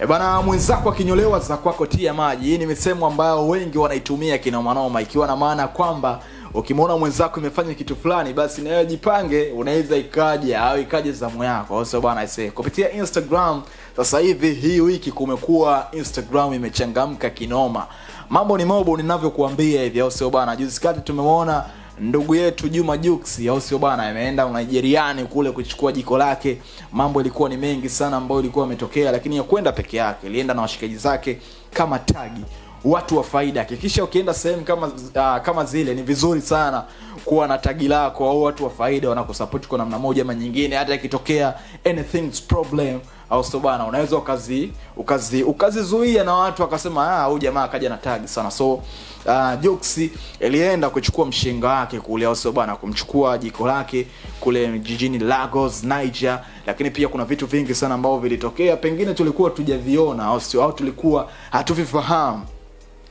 E eh, bana, mwenzako akinyolewa za kwako tia maji. Hii ni misemo ambayo wengi wanaitumia kinomanoma ikiwa na maana kwamba ukimwona mwenzako imefanya kitu fulani, basi nawe jipange, unaweza ikaja au ikaje zamu yako, au sio bwana? Ise kupitia Instagram sasa hivi, hii wiki kumekuwa Instagram imechangamka kinoma, mambo ni mobo ninavyokuambia hivi, au sio bwana? Juzi kati tumemwona ndugu yetu Juma Jux, au sio bwana, ameenda nigeriani kule kuchukua jiko lake. Mambo ilikuwa ni mengi sana ambayo ilikuwa ametokea, lakini ya kwenda peke yake, alienda na washikaji zake kama tagi watu wa faida. Hakikisha ukienda sehemu kama uh, kama zile ni vizuri sana kuwa na tagi lako au watu wa faida wanakusupport kwa namna moja ama nyingine, hata ikitokea anything's problem au sio bana? Unaweza ukazi ukazi ukazizuia na watu wakasema ah, huyu jamaa akaja na tag sana. So uh, ah, Jux ilienda kuchukua mshinga wake kule, au sio bana, kumchukua jiko lake kule jijini Lagos Niger. Lakini pia kuna vitu vingi sana ambavyo vilitokea, pengine tulikuwa tujaviona au sio, au tulikuwa hatuvifahamu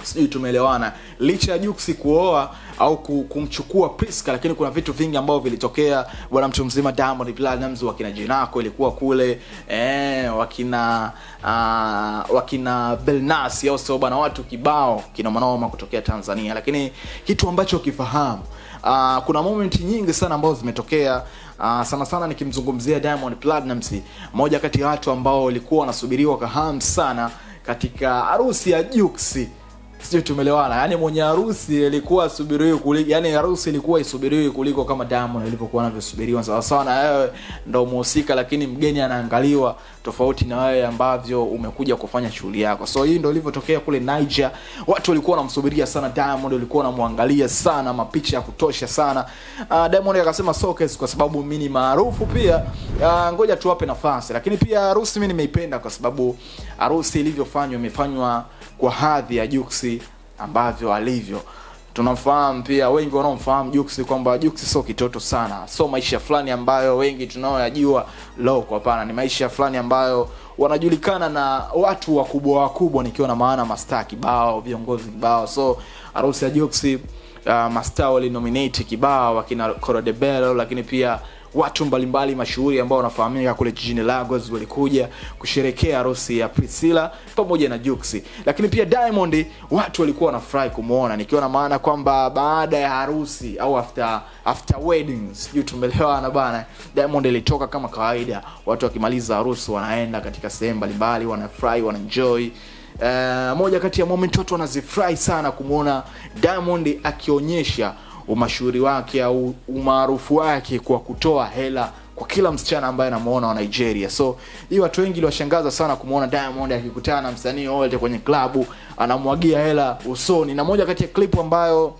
sijui tumeelewana. Licha ya juksi kuoa au kumchukua Priska, lakini kuna vitu vingi ambavyo vilitokea. Bwana mtu mzima Diamond Platnumz, wakina Jinako ilikuwa kule eh, wakina uh, wakina Belnas au sio bwana, watu kibao kina kinamanoma kutokea Tanzania, lakini kitu ambacho kifahamu Uh, ah, kuna moment nyingi sana ambazo zimetokea uh, sana sana nikimzungumzia Diamond Platnumz, moja kati ya watu ambao walikuwa wanasubiriwa kwa sana katika harusi ya juksi sio, tumelewana. Yaani mwenye harusi ilikuwa asubiriwe kuliko, yaani harusi ilikuwa isubiriwi kuliko kama Diamond ilivyokuwa anavyosubiriwa. Sawa sawa, na wewe ndio mhusika, lakini mgeni anaangaliwa tofauti na wewe ambavyo umekuja kufanya shughuli yako. So hii ndio ilivyotokea kule Niger. Watu walikuwa wanamsubiria sana Diamond, walikuwa wanamwangalia sana, mapicha ya kutosha sana. Uh, Diamond akasema sokes kwa sababu mimi ni maarufu pia. Uh, ngoja tuwape nafasi. Lakini pia harusi mimi nimeipenda kwa sababu harusi ilivyofanywa imefanywa kwa hadhi ya Juksi ambavyo alivyo. Tunafahamu pia wengi wanaomfahamu Jux kwamba Jux sio kitoto sana, sio maisha fulani ambayo wengi tunaoyajua loko. Hapana, ni maisha fulani ambayo wanajulikana na watu wakubwa wakubwa, nikiwa na maana mastaa kibao, viongozi kibao. So harusi ya Jux uh, mastaa walinominate kibao wakina Coro de Bello, lakini pia watu mbalimbali mashuhuri ambao wanafahamika kule jijini Lagos walikuja kusherekea harusi ya Priscilla pamoja na Jux. Lakini pia Diamond watu walikuwa wanafurahi kumuona, nikiwa na maana kwamba baada ya harusi au after after wedding, sijui tumeelewana bana. Diamond ilitoka kama kawaida, watu wakimaliza harusi wanaenda katika sehemu mbalimbali, wanafurahi, wanaenjoy Uh, moja kati ya moment watu wanazifurahi sana kumwona Diamond akionyesha umashuhuri wake au umaarufu wake kwa kutoa hela kwa kila msichana ambaye anamuona wa Nigeria. So hii watu wengi iliwashangaza sana kumuona Diamond akikutana na msanii wote kwenye klabu, anamwagia hela usoni, na moja kati ya klipu ambayo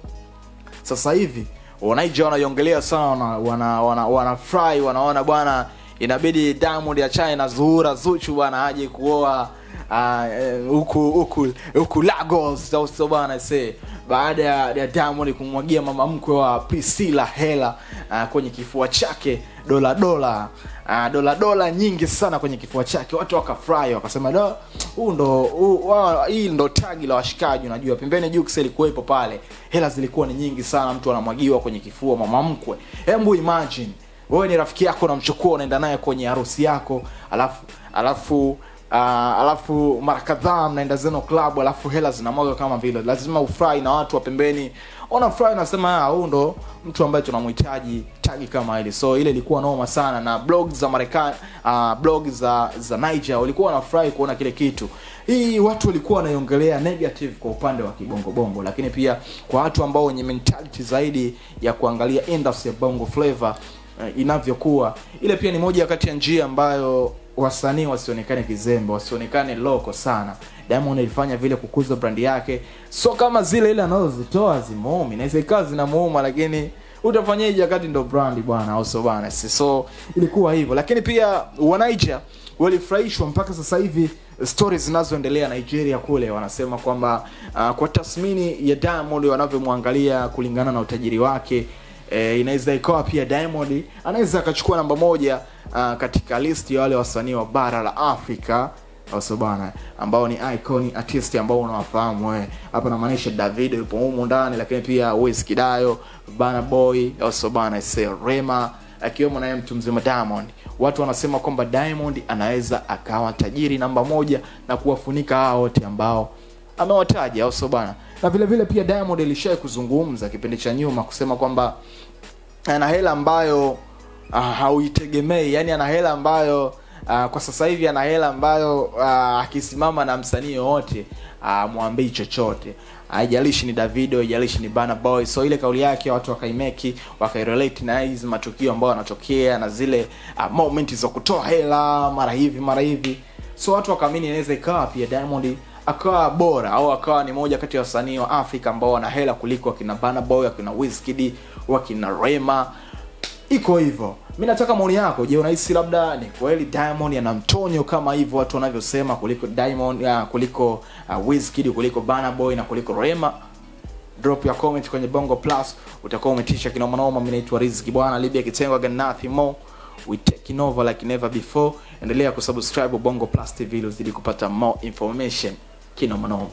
sasa hivi Wanaija wanaiongelea sana, wana wana wanafurahi, wanaona bwana, inabidi Diamond ya na Zuhura Zuchu bwana aje kuoa Ah, eh, huku uh, huku huku Lagos au sio bwana say baada ya Diamond kumwagia mama mkwe wa la hela uh, kwenye kifua chake dola dola uh, dola dola nyingi sana kwenye kifua chake, watu wakafurahi, wakasema do huu ndo hii ndo tagi la washikaji. Unajua pembeni Jux ilikuwepo pale, hela zilikuwa ni nyingi sana, mtu anamwagiwa kwenye kifua mama mkwe. Hebu imagine wewe ni rafiki yako, unamchukua unaenda naye kwenye harusi yako, alafu alafu Uh, alafu mara kadhaa mnaenda zeno club, alafu hela zinamwaga kama vile, lazima ufurahi na watu wa pembeni wanafurahi, nasema ah, huu ndo mtu ambaye tunamhitaji tagi kama ile So ile ilikuwa noma sana, na blog za Marekani, uh, ah, blog za za Niger walikuwa wanafurahi kuona kile kitu. Hii watu walikuwa wanaiongelea negative kwa upande wa kibongo bongo, lakini pia kwa watu ambao wenye mentality zaidi ya kuangalia industry ya bongo flavor Eh, inavyokuwa. Ile pia ni moja kati ya njia ambayo wasanii wasionekane kizembe, wasionekane loko sana. Diamond ilifanya vile kukuza brandi yake, so kama zile ile anazozitoa zimuumi, naweza ikawa zinamuuma, lakini utafanyaje wakati ndo brandi bwana, au sio bwana? So ilikuwa hivyo, lakini pia wanaija walifurahishwa mpaka sasa hivi stories zinazoendelea Nigeria kule, wanasema kwamba uh, kwa tathmini ya Diamond wanavyomwangalia kulingana na utajiri wake e, inaweza ikawa pia Diamond anaweza akachukua namba moja uh, katika list ya wale wasanii wa bara la Afrika bana ambao ni icon artist ambao unawafahamu wewe. Eh. Hapa namaanisha David yupo humu ndani, lakini pia Wiz Kidayo, Burna Boy, bana Rema, akiwemo naye mtu mzima Diamond. Watu wanasema kwamba Diamond anaweza akawa tajiri namba moja na kuwafunika hao wote ambao amewataja au sio bwana? Na vile vile pia Diamond ilishaye kuzungumza kipindi cha nyuma kusema kwamba ana hela ambayo uh, hauitegemei, yani ana hela ambayo Uh, kwa sasa hivi ana hela ambayo uh, akisimama na msanii yoyote uh, mwambie chochote, haijalishi ni Davido, haijalishi ni Burna Boy. So ile kauli yake watu wakaimeki, wakairelate na hizi matukio ambayo yanatokea na zile uh, momenti za kutoa hela mara hivi mara hivi, so watu wakaamini inaweza ikawa pia Diamond akawa bora au akawa ni moja kati ya wasanii wa Afrika ambao wana hela kuliko wakina Burna Boy, wakina Wizkid, wakina Rema. Iko hivyo. Mi nataka maoni yako. Je, unahisi labda ni kweli Diamond ana mtonyo kama hivyo watu wanavyosema kuliko Diamond ya, ah, kuliko uh, Wizkid kuliko Burna Boy na kuliko Rema? Drop ya comment kwenye Bongo Plus, utakuwa umetisha kinoma noma. Mimi naitwa Riziki bwana Libya Kitengo, got nothing more we taking over like never before. Endelea kusubscribe Bongo Plus TV ili uzidi kupata more information. 木のものを